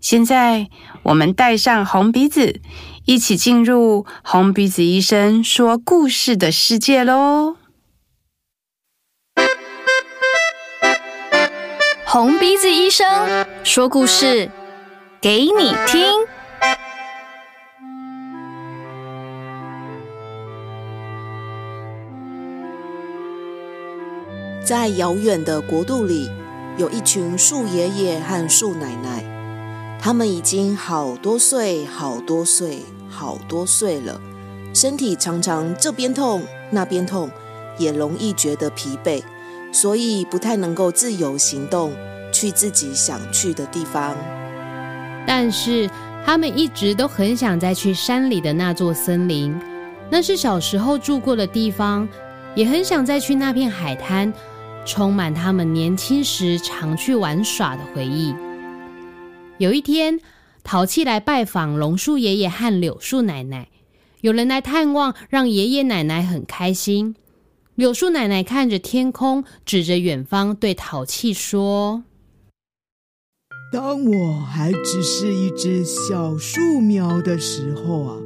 現在，我們帶上紅鼻子，一起進入紅鼻子醫生說故事的世界嘍！紅鼻子醫生說故事給你聽。在遙遠的國度裡，有一群樹爺爺和樹奶奶。他們已經好多歲、好多歲、好多歲了，身體常常這邊痛那邊痛，也容易覺得疲憊，所以不太能夠自由行動，去自己想去的地方。但是他們一直都很想再去山裡的那座森林，那是小時候住過的地方，也很想再去那片海灘，充滿他們年輕時常去玩耍的回憶。有一天，淘氣來拜訪榕樹爺爺和柳樹奶奶。有人來探望，讓爺爺奶奶很開心。柳樹奶奶看着天空，指着遠方對淘氣說：“當我還只是一隻小樹苗的時候啊，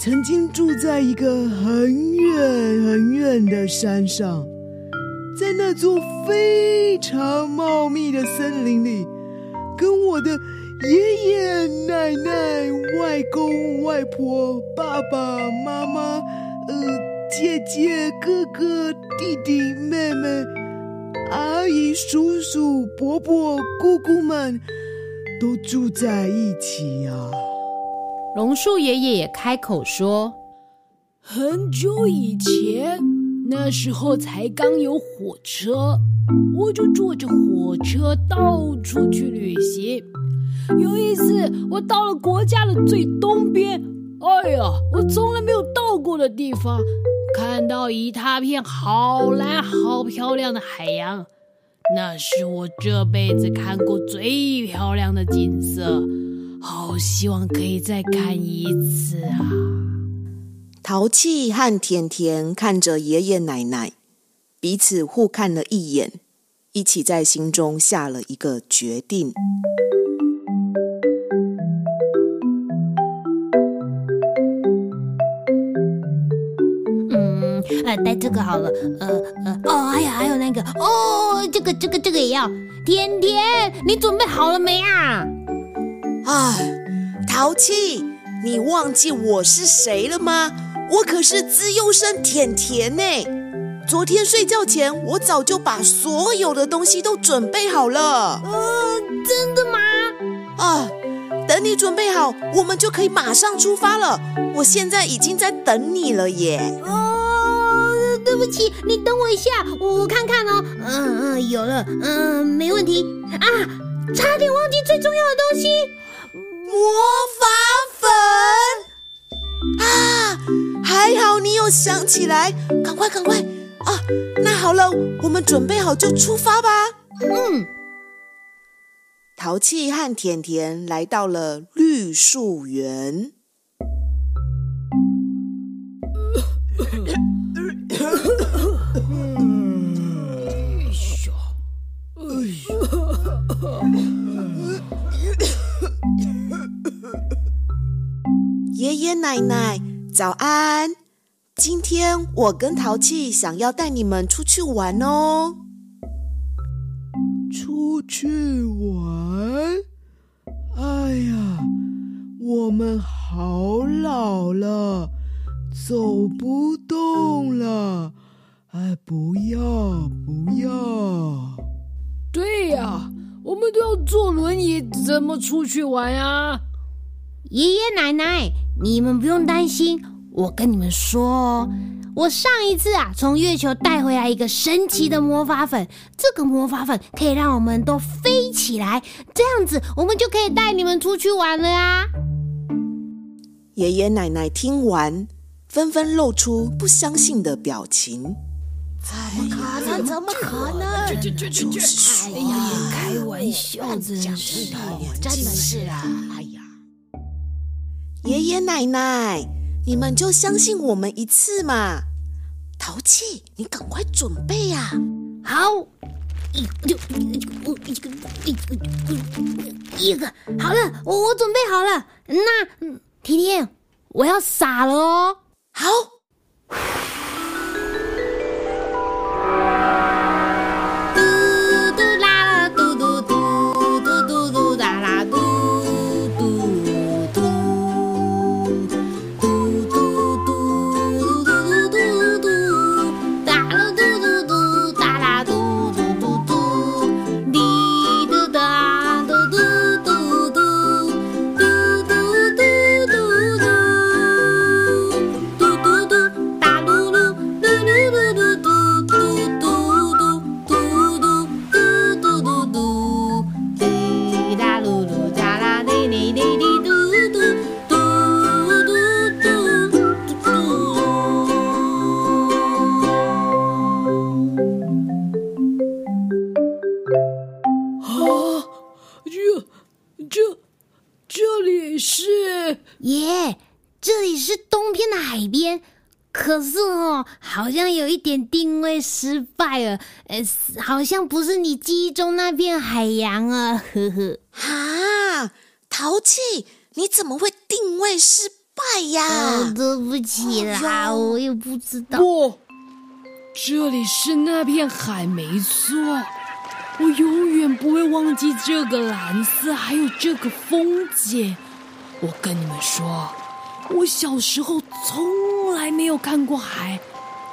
曾經住在一個很遠很遠的山上，在那座非常茂密的森林裡。”跟我的爺爺奶奶、外公外婆、爸爸媽媽、呃，姐姐哥哥、弟弟妹妹、阿姨叔叔、伯伯姑姑們，都住在一起呀、啊。榕樹爺爺也開口說：“很久以前。”嗯，嗯那時候才剛有火車，我就坐着火車到處去旅行。有一次，我到了國家的最東邊，哎呀，我從來沒有到過的地方，看到一大片好藍、好漂亮的海洋，那是我這輩子看過最漂亮的景色，好希望可以再看一次啊！淘氣和田田看着爺爺奶奶，彼此互看了一眼，一起在心中下了一個決定。嗯，哎、呃，帶這個好了。呃呃，哦，還有還有那個，哦，這個這個這個也要。田田，你準備好了沒啊？哎、啊，淘氣，你忘記我是誰了嗎？我可是資優生田田呢、欸，昨天睡覺前我早就把所有的東西都準備好了。嗯、呃，真的嗎？啊，等你準備好，我們就可以馬上出發了。我現在已經在等你了耶。哦、呃，對不起，你等我一下，我看看哦。嗯、呃、嗯、呃，有了，嗯、呃，沒問題。啊，差點忘記最重要的東西——魔法粉啊！還好你又想起來，趕快趕快啊！那好了，我們準備好就出發吧。嗯，淘氣和田田來到了綠樹園。 早安，今天我跟淘氣想要帶你們出去玩哦。出去玩？哎呀，我們好老了，走不動了。哎，不要不要！對呀，我們都要坐輪椅，怎麼出去玩呀？爺爺奶奶，你們不用擔心。我跟你們說、哦，我上一次啊，從月球帶回來一個神奇的魔法粉，嗯、這個魔法粉可以讓我們都飛起來、嗯，這樣子我們就可以帶你們出去玩了啊！爺爺奶奶聽完，紛紛露出不相信的表情。怎麼可能？怎麼可能？就是說，哎、開玩笑，講真的，真的是啊！哎呀，爺爺奶奶。你們就相信我們一次嘛！淘氣，你趕快準備呀、啊！好，一個，好了，我我準備好了。那，田田，我要傻了哦！好。是耶，yeah, 這裡是冬天的海邊，可是哦，好像有一點定位失敗了，呃，好像不是你記憶中那片海洋啊，呵呵，哈、啊，淘氣，你怎麼會定位失敗呀？哦、對不起啦，啊、我又不知道。不、這裡是那片海沒錯，我永遠不會忘記這個藍色，還有這個風景。我跟你們說，我小時候從來沒有看過海。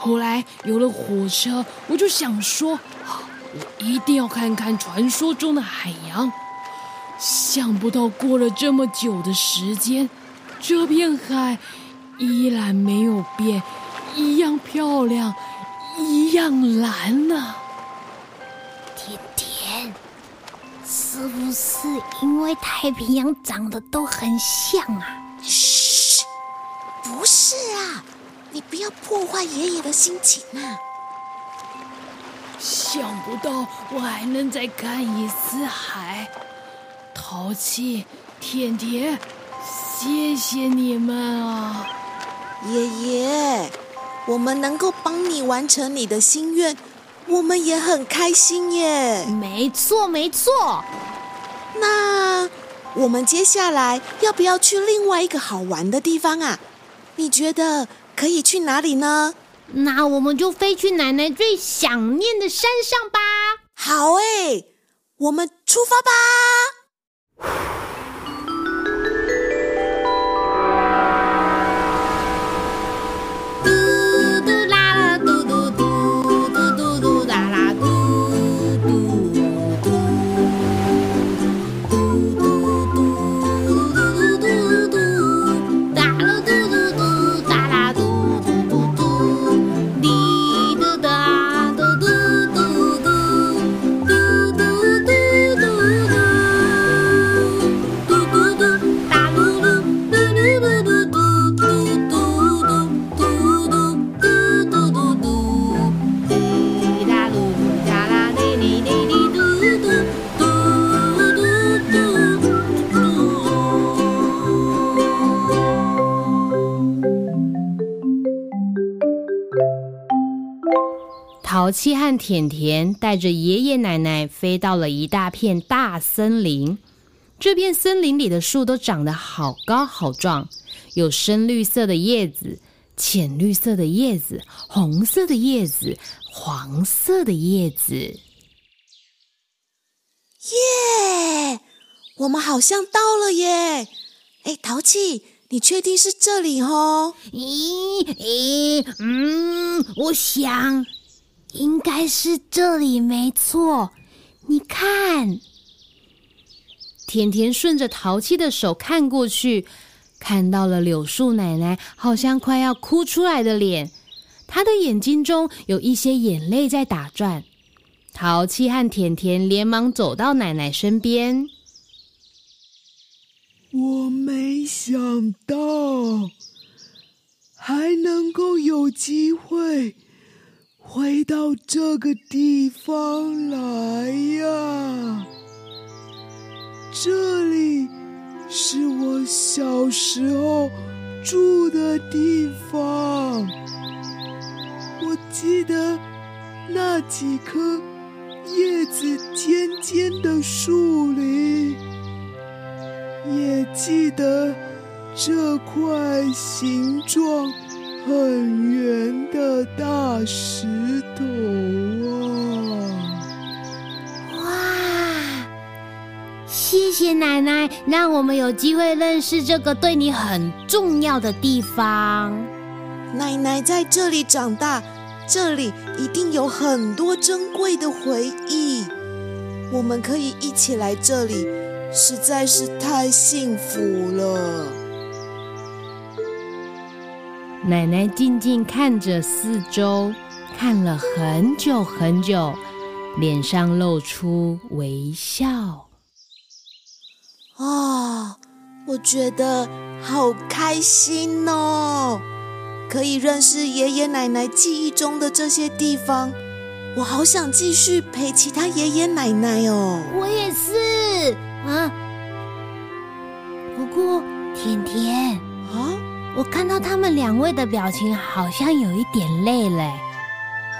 後來有了火車，我就想說，我一定要看看傳說中的海洋。想不到過了這麼久的時間，這片海依然沒有變，一樣漂亮，一樣藍呢、啊。是不是因為太平洋長得都很像啊？噓，不是啊，你不要破壞爺爺的心情啊！想不到我還能再看一次海，淘氣、田田，謝謝你們啊，爺爺，我們能夠幫你完成你的心願。我們也很開心耶！沒錯沒錯，那我們接下來要不要去另外一個好玩的地方啊？你覺得可以去哪裡呢？那我們就飛去奶奶最想念的山上吧！好誒，我們出發吧！淘氣和田田帶着爺爺奶奶飛到了一大片大森林。這片森林裡的樹都長得好高好壯，有深綠色的葉子、淺綠色的葉子、紅色的葉子、黃色的葉子。耶，yeah! 我們好像到了耶！哎，淘氣，你確定是這裡哦？咦咦，嗯，我想。應該是這裡沒錯，你看，田田順着淘氣的手看過去，看到了柳樹奶奶好像快要哭出來的臉，她的眼睛中有一些眼淚在打轉。淘氣和田田連忙走到奶奶身邊。我沒想到，還能夠有機會。回到這個地方來呀！這裡是我小時候住的地方，我記得那幾棵葉子尖尖的樹林，也記得這塊形狀。很圓的大石頭啊！哇！謝謝奶奶，讓我們有機會認識這個對你很重要的地方。奶奶在這裡長大，這裡一定有很多珍貴的回憶。我們可以一起來這裡，實在是太幸福了。奶奶靜靜看着四周，看了很久很久，臉上露出微笑。哦，我覺得好開心哦！可以認識爺爺奶奶記憶中的這些地方，我好想繼續陪其他爺爺奶奶哦。我也是啊，不過甜甜。天天我看到他們兩位的表情，好像有一點累了。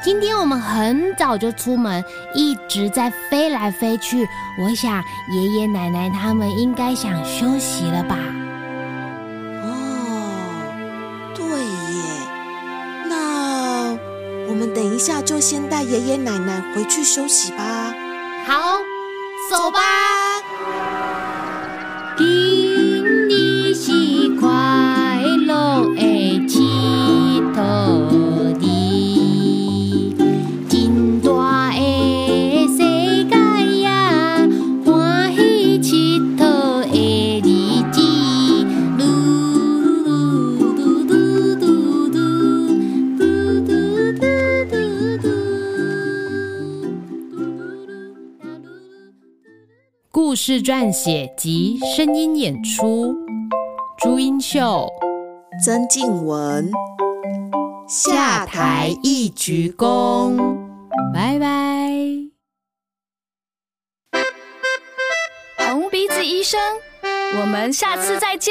今天我們很早就出門，一直在飛來飛去。我想爺爺奶奶他們應該想休息了吧？哦，對耶。那我們等一下就先帶爺爺奶奶回去休息吧。好，走吧。自撰寫及聲音演出，朱殷秀、曾靖雯，下台一鞠躬，拜拜。紅鼻子醫生，我們下次再見。